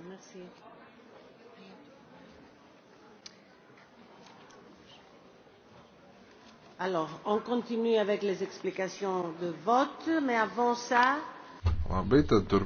vous merci. Alors, on continue avec les explications de vote, mais avant ça... Labi, tad tur